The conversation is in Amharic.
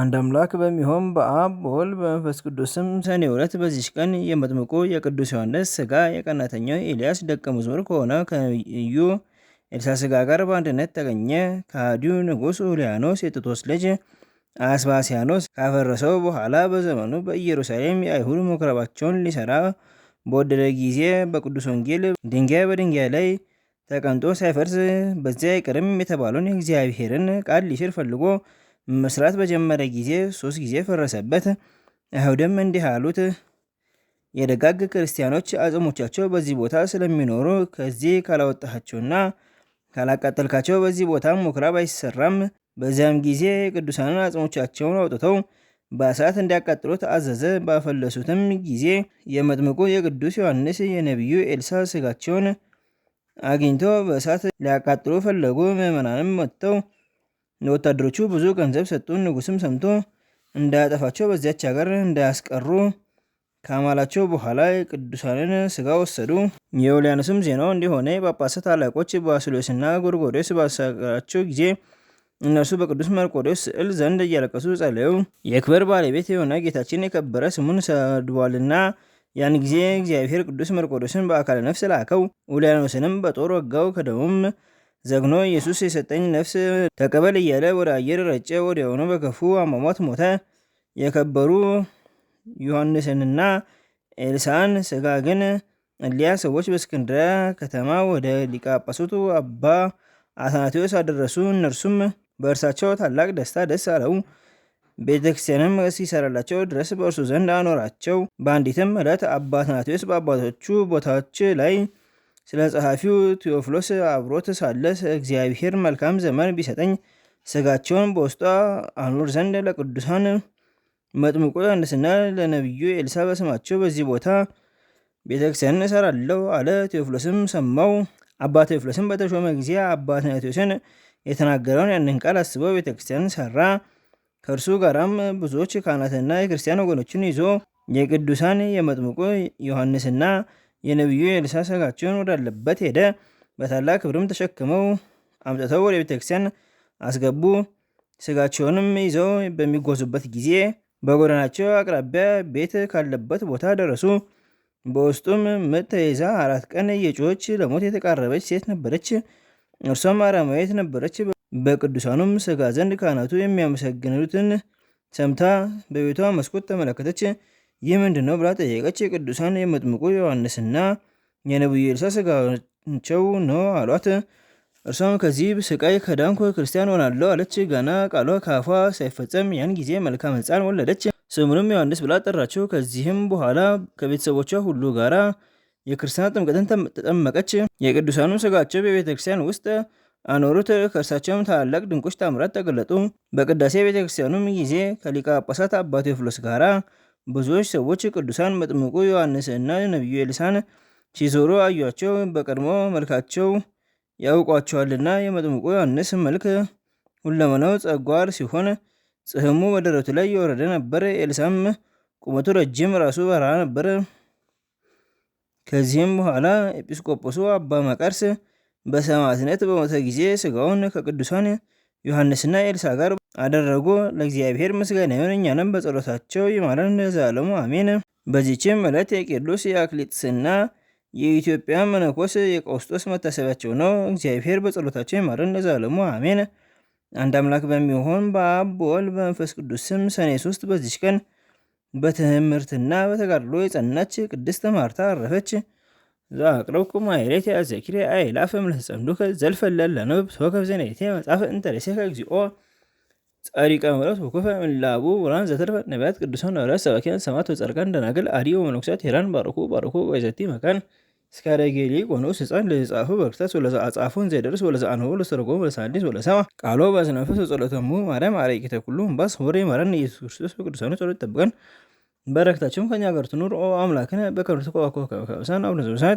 አንድ አምላክ በሚሆን በአብ በወልድ በመንፈስ ቅዱስም ሰኔ ሁለት በዚች ቀን የመጥምቁ የቅዱስ ዮሐንስ ስጋ የቀናተኛው ኤልያስ ደቀ መዝሙር ከሆነ ከነቢዩ ኤልሳዕ ስጋ ጋር በአንድነት ተገኘ። ከሃዲው ንጉሥ ኡልያኖስ የጥቶስ ልጅ አስባሲያኖስ ካፈረሰው በኋላ በዘመኑ በኢየሩሳሌም የአይሁድ ምኩራባቸውን ሊሰራ በወደደ ጊዜ በቅዱስ ወንጌል ድንጋይ በድንጋይ ላይ ተቀምጦ ሳይፈርስ በዚያ አይቀርም የተባለውን የእግዚአብሔርን ቃል ሊሽር ፈልጎ መስራት በጀመረ ጊዜ ሶስት ጊዜ ፈረሰበት። አይሁድም እንዲህ አሉት፣ የደጋግ ክርስቲያኖች አጽሞቻቸው በዚህ ቦታ ስለሚኖሩ ከዚህ ካላወጣቸውና ካላቃጠልካቸው በዚህ ቦታ ምኩራብ አይሰራም። በዚያም ጊዜ ቅዱሳንን አጽሞቻቸውን አውጥተው በእሳት እንዲያቃጥሉት አዘዘ። ባፈለሱትም ጊዜ የመጥምቁ የቅዱስ ዮሐንስ የነቢዩ ኤልሳ ስጋቸውን አግኝቶ በእሳት ሊያቃጥሉ ፈለጉ። ምዕመናንም መጥተው ለወታደሮቹ ብዙ ገንዘብ ሰጡን። ንጉስም ሰምቶ እንዳያጠፋቸው በዚያች ሀገር እንዳያስቀሩ ከአማላቸው በኋላ የቅዱሳንን ስጋ ወሰዱ። የውሊያኖስም ዜናው እንዲሆነ የጳጳሳት አለቆች ባስልዮስና ጎርጎዴስ ባሳቀራቸው ጊዜ እነርሱ በቅዱስ መርቆዴዎስ ስዕል ዘንድ እያለቀሱ ጸለዩ። የክብር ባለቤት የሆነ ጌታችን የከበረ ስሙን ሰድቧልና ያን ጊዜ እግዚአብሔር ቅዱስ መርቆዴዎስን በአካል ነፍስ ላከው። ውሊያኖስንም በጦር ወጋው። ከደሙም ዘግኖ ኢየሱስ የሰጠኝ ነፍስ ተቀበል እያለ ወደ አየር ረጨ። ወዲያውኑ በከፉ አሟሟት ሞተ። የከበሩ ዮሐንስንና ኤልሳን ስጋ ግን እሊያ ሰዎች በእስክንድርያ ከተማ ወደ ሊቃጳሱቱ አባ አትናቴዎስ አደረሱ። እነርሱም በእርሳቸው ታላቅ ደስታ ደስ አለው። ቤተክርስቲያንም ሲሰራላቸው ድረስ በእርሱ ዘንድ አኖራቸው። በአንዲትም ዕለት አባ አትናቴዎስ በአባቶቹ ቦታዎች ላይ ስለ ጸሐፊው ቴዎፍሎስ አብሮት ሳለ እግዚአብሔር መልካም ዘመን ቢሰጠኝ ስጋቸውን በውስጧ አኖር ዘንድ ለቅዱሳን መጥምቁ ዮሐንስና ለነቢዩ ኤልሳ በስማቸው በዚህ ቦታ ቤተክርስቲያን እሰራለሁ አለ። ቴዎፍሎስም ሰማው። አባ ቴዎፍሎስም በተሾመ ጊዜ አባ ትናቴዎስን የተናገረውን ያንን ቃል አስበው ቤተክርስቲያን ሰራ። ከእርሱ ጋራም ብዙዎች ካህናትና የክርስቲያን ወገኖችን ይዞ የቅዱሳን የመጥምቁ ዮሐንስና የነቢዩ ኤልሳ ስጋቸውን ወዳለበት ሄደ። በታላቅ ክብርም ተሸክመው አምጥተው ወደ ቤተክርስቲያን አስገቡ። ስጋቸውንም ይዘው በሚጓዙበት ጊዜ በጎዳናቸው አቅራቢያ ቤት ካለበት ቦታ ደረሱ። በውስጡም ምጥ ተይዛ አራት ቀን የጮች ለሞት የተቃረበች ሴት ነበረች። እርሷም አረማዊት ነበረች። በቅዱሳኑም ስጋ ዘንድ ካህናቱ የሚያመሰግኑትን ሰምታ በቤቷ መስኮት ተመለከተች። ይህ ምንድን ነው ብላ ጠየቀች። የቅዱሳን የመጥምቁ ዮሐንስና የነቢዩ ኤልሳዕ ስጋቸው ነው አሏት። እርሷም ከዚህ ስቃይ ከዳንኩ ክርስቲያን ሆናለሁ አለች። ገና ቃሏ ከአፏ ሳይፈጸም ያን ጊዜ መልካም ሕፃን ወለደች። ስሙንም ዮሐንስ ብላ ጠራችው። ከዚህም በኋላ ከቤተሰቦቿ ሁሉ ጋራ የክርስትና ጥምቀትን ተጠመቀች። የቅዱሳኑ ስጋቸው በቤተ ክርስቲያን ውስጥ አኖሩት። ከእርሳቸውም ታላላቅ ድንቆች ታምራት ተገለጡ። በቅዳሴ ቤተ ክርስቲያኑም ጊዜ ከሊቀ ጳጳሳት አባ ቴዎፍሎስ ጋራ ብዙዎች ሰዎች ቅዱሳን መጥምቁ ዮሐንስ እና ነቢዩ ኤልሳን ሲዞሩ አዩቸው፣ በቀድሞ መልካቸው ያውቋቸዋልና። የመጥምቁ ዮሐንስ መልክ ሁለመናው ጸጓር ሲሆን ጽህሙ በደረቱ ላይ የወረደ ነበር። ኤልሳም ቁመቱ ረጅም፣ ራሱ በረሃ ነበር። ከዚህም በኋላ ኤጲስቆጶሱ አባ መቃርስ በሰማዕትነት በሞተ ጊዜ ስጋውን ከቅዱሳን ዮሐንስና ኤልሳ ጋር አደረጉ። ለእግዚአብሔር ምስጋና ይሁን፣ እኛንም በጸሎታቸው ይማረን ለዘላለሙ አሜን። በዚችም ዕለት የቅዱስ የአክሊጥስና የኢትዮጵያ መነኮስ የቀውስጦስ መታሰቢያቸው ነው። እግዚአብሔር በጸሎታቸው ይማረን ለዘላለሙ አሜን። አንድ አምላክ በሚሆን በአብ በወልድ በመንፈስ ቅዱስ ስም ሰኔ ሶስት በዚች ቀን በትምህርትና በተጋድሎ የጸናች ቅድስት ማርታ አረፈች። ዘአቅረብኩ ማሕሌተ አዘኪሬ አእላፈ እምለተጸምዱከ ዘልፈ ለለነብብ ሶከ በዘኔቴ መጽሐፈ እግዚኦ ጸሪቀ ምሕረት ወኮፈ ምላቡ ብራን ዘተርፈ ነቢያት ቅዱሳን ሐዋርያት ሰባኪያን ሰማት ወጻድቃን ደናግል አዲዮ መነኩሳት ሄራን ባርኩ ባርኩ ወይዘቲ መካን እስካደጌሊ ቆኖ ህፃን ለጻፉ በርክታስ ወለዛ አጻፉን ዘደርስ ወለዛ አንሆ ለሰርጎ ለሳዲስ ወለሰማ ቃሎ በስነፈስ ወጸሎተሙ ማርያም አረቂተ ኩሉ እምባስ ወሬ ማረን ኢየሱስ ክርስቶስ በቅዱሳኑ ጸሎት ጠብቀን በረከታቸውም ከኛ ጋር ትኑር። ኦ አምላክነ በከብርት ኮዋኮ ከበሳን አቡነ